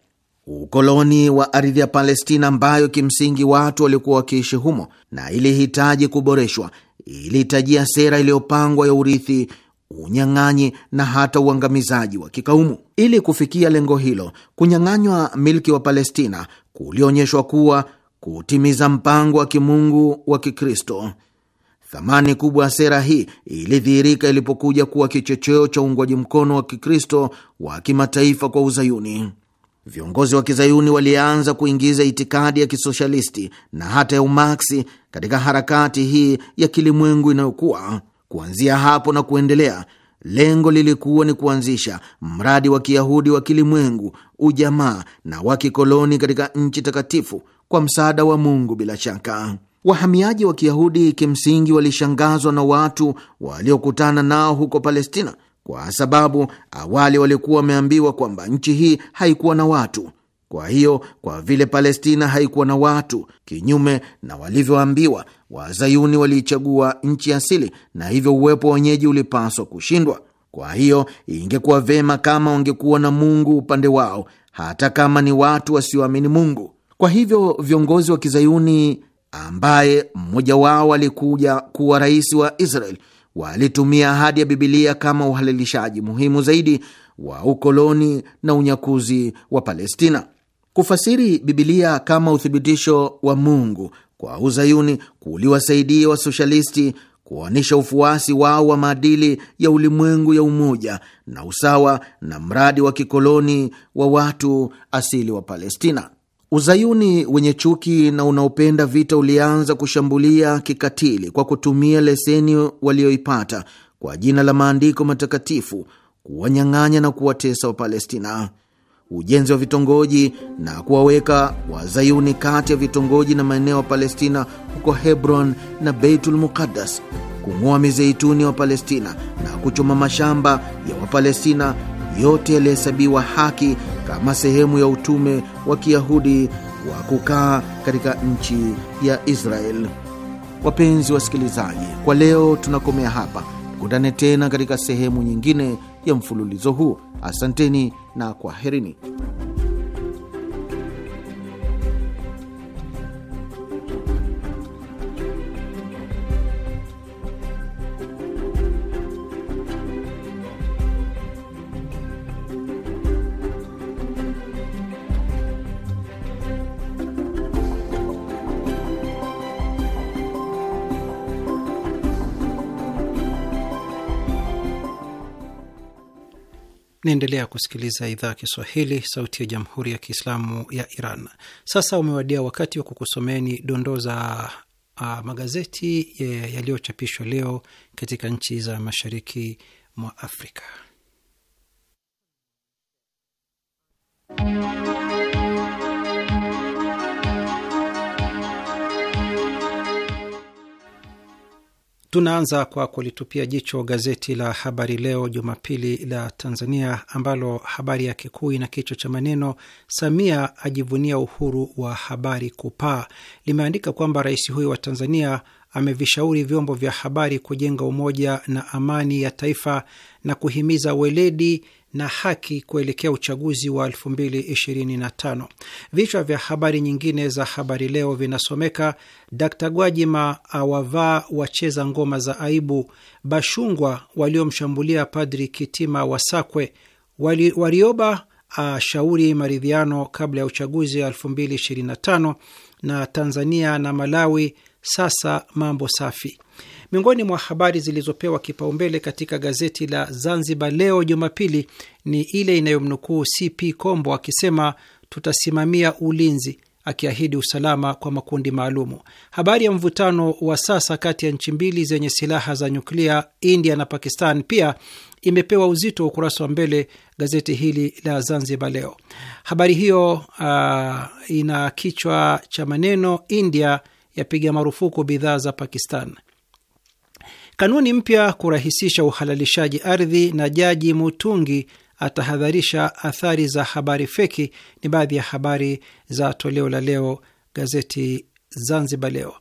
ukoloni wa ardhi ya Palestina ambayo kimsingi watu walikuwa wakiishi humo na ilihitaji kuboreshwa. Ilihitajia sera iliyopangwa ya urithi, unyang'anyi na hata uangamizaji wa kikaumu. Ili kufikia lengo hilo, kunyang'anywa milki wa Palestina kulionyeshwa kuwa kutimiza mpango wa kimungu wa Kikristo. Thamani kubwa ya sera hii ilidhihirika ilipokuja kuwa kichocheo cha uungwaji mkono wa Kikristo wa kimataifa kwa Uzayuni. Viongozi wa kizayuni walianza kuingiza itikadi ya kisoshalisti na hata ya umaksi katika harakati hii ya kilimwengu inayokuwa. Kuanzia hapo na kuendelea, lengo lilikuwa ni kuanzisha mradi wa kiyahudi wa kilimwengu, ujamaa na wa kikoloni katika nchi takatifu kwa msaada wa Mungu. Bila shaka, wahamiaji wa kiyahudi kimsingi walishangazwa na watu waliokutana nao huko Palestina kwa sababu awali walikuwa wameambiwa kwamba nchi hii haikuwa na watu. Kwa hiyo kwa vile Palestina haikuwa na watu, kinyume na walivyoambiwa, Wazayuni waliichagua nchi asili, na hivyo uwepo wa wenyeji ulipaswa kushindwa. Kwa hiyo ingekuwa vema kama wangekuwa na Mungu upande wao, hata kama ni watu wasioamini Mungu. Kwa hivyo viongozi wa Kizayuni, ambaye mmoja wao alikuja kuwa rais wa Israel walitumia ahadi ya Bibilia kama uhalilishaji muhimu zaidi wa ukoloni na unyakuzi wa Palestina. Kufasiri Bibilia kama uthibitisho wa Mungu kwa Uzayuni kuliwasaidia wasoshalisti kuonyesha ufuasi wao wa maadili ya ulimwengu ya umoja na usawa na mradi wa kikoloni wa watu asili wa Palestina. Uzayuni wenye chuki na unaopenda vita ulianza kushambulia kikatili kwa kutumia leseni walioipata kwa jina la maandiko matakatifu kuwanyang'anya na kuwatesa Wapalestina. Ujenzi wa vitongoji na kuwaweka wazayuni kati ya vitongoji na maeneo ya Palestina huko Hebron na Beitul Muqaddas, kung'oa mizeituni ya Wapalestina na kuchoma mashamba ya Wapalestina, yote yalihesabiwa haki kama sehemu ya utume wa Kiyahudi wa kukaa katika nchi ya israel Wapenzi wasikilizaji, kwa leo tunakomea hapa. Tukutane tena katika sehemu nyingine ya mfululizo huu. Asanteni na kwaherini. Naendelea kusikiliza idhaa Kiswahili, sauti ya jamhuri ya kiislamu ya Iran. Sasa umewadia wakati wa kukusomeni dondoo za uh, magazeti e, yaliyochapishwa leo katika nchi za mashariki mwa Afrika. Tunaanza kwa kulitupia jicho gazeti la Habari Leo Jumapili la Tanzania, ambalo habari yake kuu ina kichwa cha maneno Samia ajivunia uhuru wa habari kupaa. Limeandika kwamba rais huyo wa Tanzania amevishauri vyombo vya habari kujenga umoja na amani ya taifa na kuhimiza weledi na haki kuelekea uchaguzi wa 2025. Vichwa vya habari nyingine za Habari Leo vinasomeka: Dkt Gwajima awavaa wacheza ngoma za aibu, Bashungwa waliomshambulia Padri Kitima wasakwe, wali, Warioba ashauri maridhiano kabla ya uchaguzi wa 2025, na Tanzania na Malawi sasa mambo safi. Miongoni mwa habari zilizopewa kipaumbele katika gazeti la Zanzibar Leo Jumapili ni ile inayomnukuu CP Kombo akisema tutasimamia ulinzi, akiahidi usalama kwa makundi maalumu. Habari ya mvutano wa sasa kati ya nchi mbili zenye silaha za nyuklia, India na Pakistan, pia imepewa uzito wa ukurasa wa mbele gazeti hili la Zanzibar Leo. Habari hiyo uh, ina kichwa cha maneno India yapiga marufuku bidhaa za Pakistan. Kanuni mpya kurahisisha uhalalishaji ardhi na Jaji Mutungi atahadharisha athari za habari feki. Ni baadhi ya habari za toleo la leo gazeti Zanzibar Leo.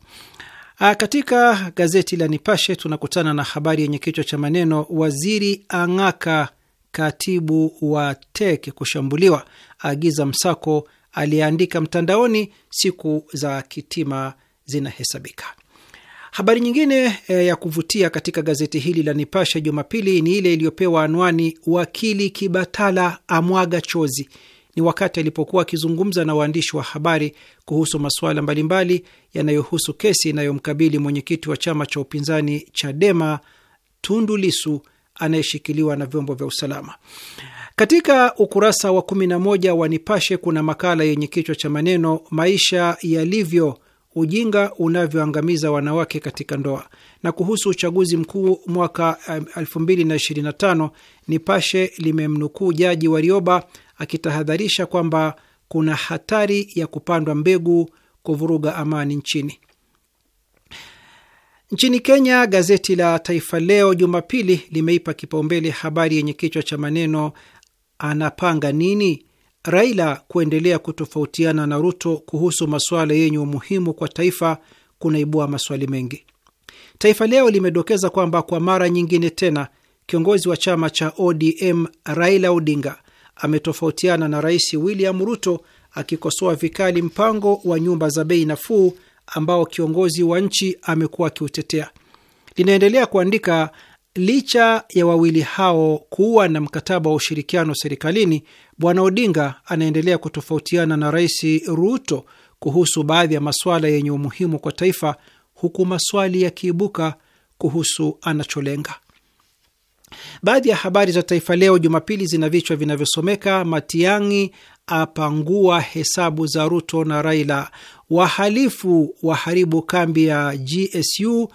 Katika gazeti la Nipashe tunakutana na habari yenye kichwa cha maneno waziri ang'aka katibu wa TEC kushambuliwa, agiza msako aliyeandika mtandaoni, siku za kitima zinahesabika. Habari nyingine e, ya kuvutia katika gazeti hili la Nipashe Jumapili ni ile iliyopewa anwani wakili Kibatala amwaga chozi. Ni wakati alipokuwa akizungumza na waandishi wa habari kuhusu masuala mbalimbali yanayohusu kesi inayomkabili mwenyekiti wa chama cha upinzani Chadema Tundu Lisu anayeshikiliwa na vyombo vya usalama. Katika ukurasa wa 11 wa Nipashe kuna makala yenye kichwa cha maneno maisha yalivyo ujinga unavyoangamiza wanawake katika ndoa, na kuhusu uchaguzi mkuu mwaka 2025 Nipashe limemnukuu Jaji Warioba akitahadharisha kwamba kuna hatari ya kupandwa mbegu kuvuruga amani nchini. Nchini Kenya, gazeti la Taifa Leo Jumapili limeipa kipaumbele habari yenye kichwa cha maneno anapanga nini Raila kuendelea kutofautiana na Ruto kuhusu masuala yenye umuhimu kwa taifa kunaibua maswali mengi. Taifa Leo limedokeza kwamba kwa mara nyingine tena kiongozi wa chama cha ODM Raila Odinga ametofautiana na Rais William Ruto akikosoa vikali mpango wa nyumba za bei nafuu ambao kiongozi wa nchi amekuwa akiutetea. Linaendelea kuandika Licha ya wawili hao kuwa na mkataba wa ushirikiano serikalini, Bwana Odinga anaendelea kutofautiana na Rais Ruto kuhusu baadhi ya masuala yenye umuhimu kwa taifa, huku maswali yakiibuka kuhusu anacholenga. Baadhi ya habari za Taifa Leo Jumapili zina vichwa vinavyosomeka: Matiang'i apangua hesabu za Ruto na Raila, wahalifu waharibu kambi ya GSU,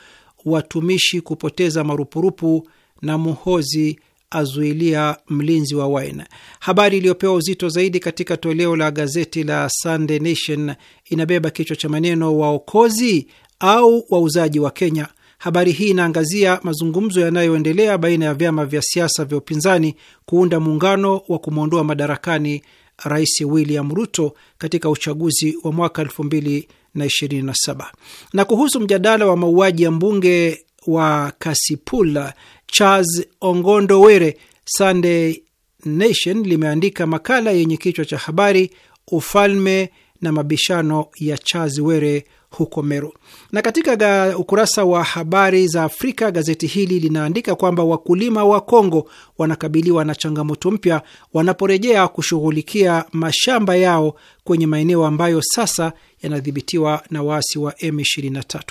watumishi kupoteza marupurupu na Muhozi azuilia mlinzi wa Wine. Habari iliyopewa uzito zaidi katika toleo la gazeti la Sunday Nation inabeba kichwa cha maneno waokozi au wauzaji wa Kenya. Habari hii inaangazia mazungumzo yanayoendelea baina ya vyama vya siasa vya upinzani kuunda muungano wa kumwondoa madarakani Rais William Ruto katika uchaguzi wa mwaka elfu mbili na 27. Na kuhusu mjadala wa mauaji ya mbunge wa Kasipula Charles Ongondo Were, Sunday Nation limeandika makala yenye kichwa cha habari ufalme na mabishano ya Charles Were huko Meru. Na katika ukurasa wa habari za Afrika, gazeti hili linaandika kwamba wakulima wa Kongo wanakabiliwa na changamoto mpya wanaporejea kushughulikia mashamba yao kwenye maeneo ambayo sasa yanadhibitiwa na waasi wa M23.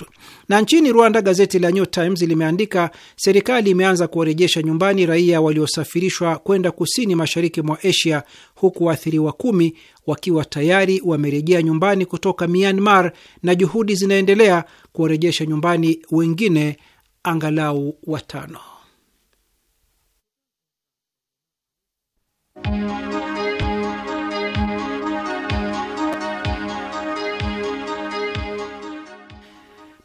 Na nchini Rwanda, gazeti la New Times limeandika serikali imeanza kuwarejesha nyumbani raia waliosafirishwa kwenda kusini mashariki mwa Asia, huku waathiriwa kumi wakiwa tayari wamerejea nyumbani kutoka Myanmar na juhudi zinaendelea kuwarejesha nyumbani wengine angalau watano.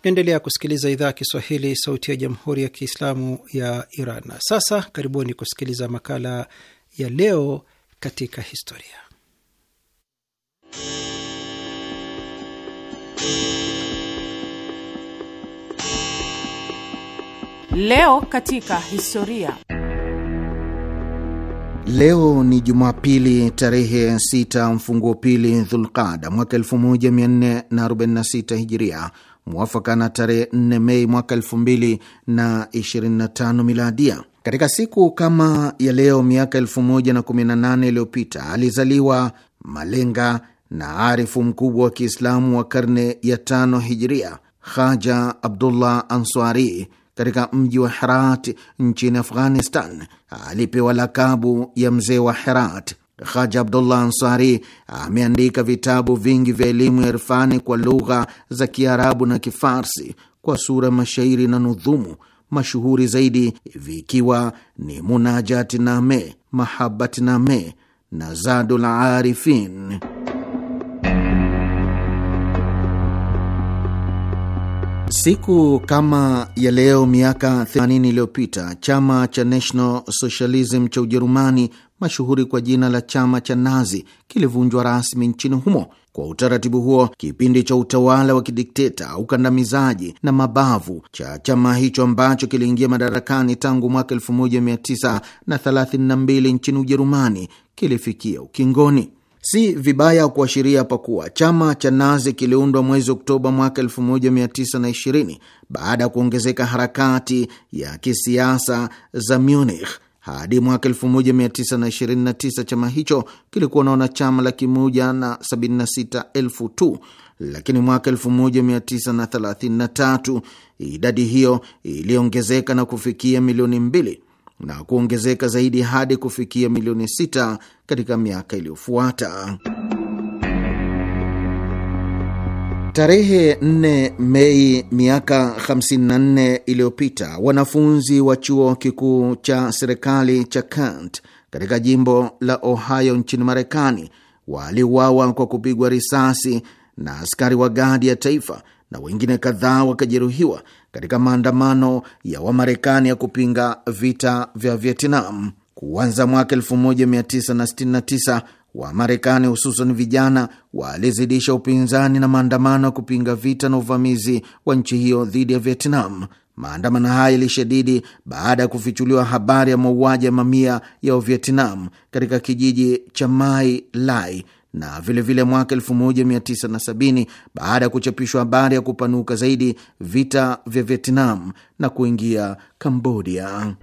Naendelea kusikiliza idhaa ya Kiswahili, sauti ya jamhuri ya kiislamu ya Iran. Sasa karibuni kusikiliza makala ya leo katika historia Leo katika historia. Leo ni Jumapili tarehe 6 mfunguo pili Dhulqada mwaka 1446 Hijiria, mwafaka na tarehe 4 Mei mwaka 2025 Miladia. Katika siku kama ya leo miaka 1018 iliyopita alizaliwa malenga na arifu mkubwa wa Kiislamu wa karne ya tano Hijiria, Haja Abdullah Answari katika mji wa Herat nchini Afghanistan alipewa lakabu ya mzee wa Herat. Haja Abdullah Ansari ameandika vitabu vingi vya elimu ya irfani kwa lugha za Kiarabu na Kifarsi kwa sura, mashairi na nudhumu, mashuhuri zaidi vikiwa ni Munajati Name, mahabat Name na Zadul Arifin. Siku kama ya leo miaka 80 iliyopita chama cha National Socialism cha Ujerumani mashuhuri kwa jina la chama cha Nazi kilivunjwa rasmi nchini humo. Kwa utaratibu huo, kipindi cha utawala wa kidikteta, ukandamizaji na mabavu cha chama hicho ambacho kiliingia madarakani tangu mwaka 1932 nchini Ujerumani kilifikia ukingoni. Si vibaya kuashiria kuwa chama cha Nazi kiliundwa mwezi Oktoba mwaka 1920 baada ya kuongezeka harakati ya kisiasa za Munich hadi mwaka 1929 chama hicho kilikuwa na wanachama laki moja na sabini na sita elfu tu, lakini mwaka 1933 idadi hiyo iliongezeka na kufikia milioni mbili na kuongezeka zaidi hadi kufikia milioni sita katika miaka iliyofuata. Tarehe 4 Mei miaka 54 iliyopita wanafunzi wa chuo kikuu cha serikali cha Kent katika jimbo la Ohio nchini Marekani waliuawa kwa kupigwa risasi na askari wa gadi ya taifa na wengine kadhaa wakajeruhiwa katika maandamano ya Wamarekani ya kupinga vita vya Vietnam. Kuanza mwaka 1969 Wamarekani hususan vijana walizidisha upinzani na maandamano ya kupinga vita na uvamizi wa nchi hiyo dhidi ya Vietnam. Maandamano haya yalishadidi baada ya kufichuliwa habari ya mauaji ya mamia ya Wavietnam katika kijiji cha Mai Lai na vilevile vile mwaka 1970 baada ya kuchapishwa habari ya kupanuka zaidi vita vya Vietnam na kuingia Kambodia.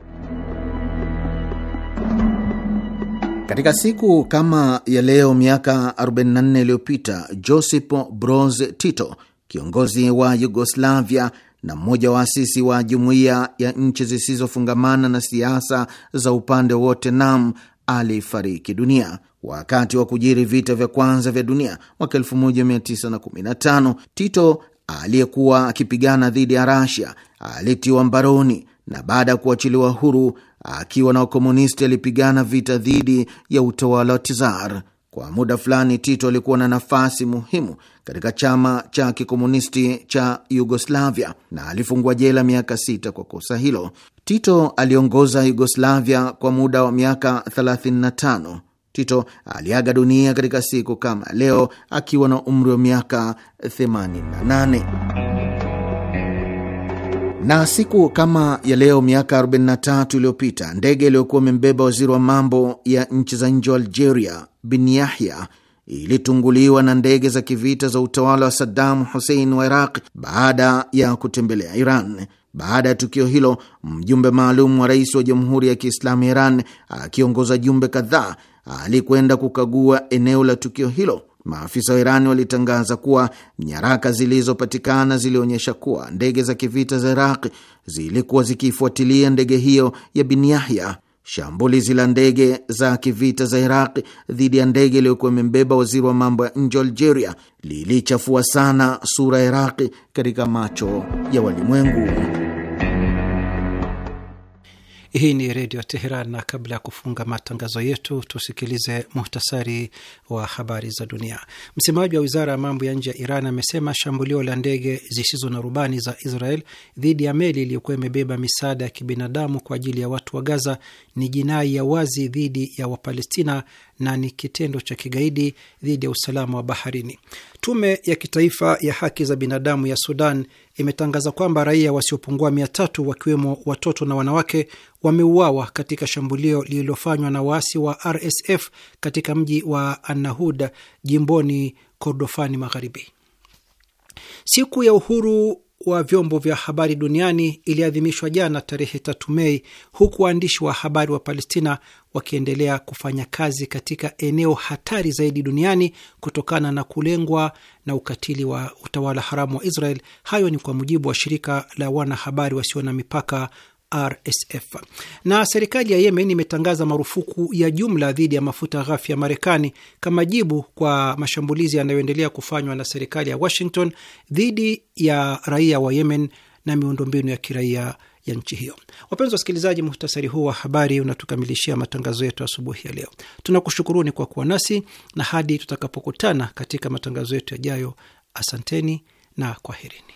Katika siku kama ya leo miaka 44 iliyopita Josip Broz Tito, kiongozi wa Yugoslavia na mmoja wa asisi wa jumuiya ya nchi zisizofungamana na siasa za upande wote NAM, alifariki dunia. Wakati wa kujiri vita vya kwanza vya dunia mwaka 1915 Tito aliyekuwa akipigana dhidi ya Rasia alitiwa mbaroni na baada ya kuachiliwa huru akiwa na wakomunisti alipigana vita dhidi ya utawala wa Tizar. Kwa muda fulani, Tito alikuwa na nafasi muhimu katika chama cha kikomunisti cha Yugoslavia na alifungwa jela miaka sita kwa kosa hilo. Tito aliongoza Yugoslavia kwa muda wa miaka 35 Tito aliaga dunia katika siku kama leo akiwa na umri wa miaka 88 na siku kama ya leo miaka 43 iliyopita ndege iliyokuwa imembeba waziri wa mambo ya nchi za nje wa Algeria Bin Yahya ilitunguliwa na ndege za kivita za utawala wa Saddam Hussein wa Iraq baada ya kutembelea Iran. Baada ya tukio hilo, mjumbe maalum wa rais wa Jamhuri ya Kiislamu Iran akiongoza jumbe kadhaa alikwenda kukagua eneo la tukio hilo. Maafisa wa Irani walitangaza kuwa nyaraka zilizopatikana zilionyesha kuwa ndege za kivita za Iraq zilikuwa zikiifuatilia ndege hiyo ya Bin Yahya. Shambulizi la ndege za kivita za Iraq dhidi ya ndege iliyokuwa imembeba waziri wa mambo ya nje wa Algeria lilichafua sana sura ya Iraqi katika macho ya walimwengu. Hii ni Redio Teheran, na kabla ya kufunga matangazo yetu tusikilize muhtasari wa habari za dunia. Msemaji wa wizara ya mambo ya nje ya Iran amesema shambulio la ndege zisizo na rubani za Israel dhidi ya meli iliyokuwa imebeba misaada ya kibinadamu kwa ajili ya watu wa Gaza ni jinai ya wazi dhidi ya Wapalestina na ni kitendo cha kigaidi dhidi ya usalama wa baharini. Tume ya Kitaifa ya Haki za Binadamu ya Sudan imetangaza kwamba raia wasiopungua mia tatu wakiwemo watoto na wanawake wameuawa katika shambulio lililofanywa na waasi wa RSF katika mji wa anahud jimboni Kordofani Magharibi. Siku ya uhuru wa vyombo vya habari duniani iliadhimishwa jana tarehe tatu Mei, huku waandishi wa habari wa Palestina wakiendelea kufanya kazi katika eneo hatari zaidi duniani kutokana na kulengwa na ukatili wa utawala haramu wa Israel. Hayo ni kwa mujibu wa shirika la wanahabari wasio na mipaka RSF. Na serikali ya Yemen imetangaza marufuku ya jumla dhidi ya mafuta ghafi ya Marekani kama jibu kwa mashambulizi yanayoendelea kufanywa na serikali ya Washington dhidi ya raia wa Yemen na miundombinu ya kiraia ya nchi hiyo. Wapenzi wasikilizaji, muhtasari huu wa habari unatukamilishia matangazo yetu asubuhi ya leo. Tunakushukuruni kwa kuwa nasi na hadi tutakapokutana katika matangazo yetu yajayo, asanteni na kwaherini.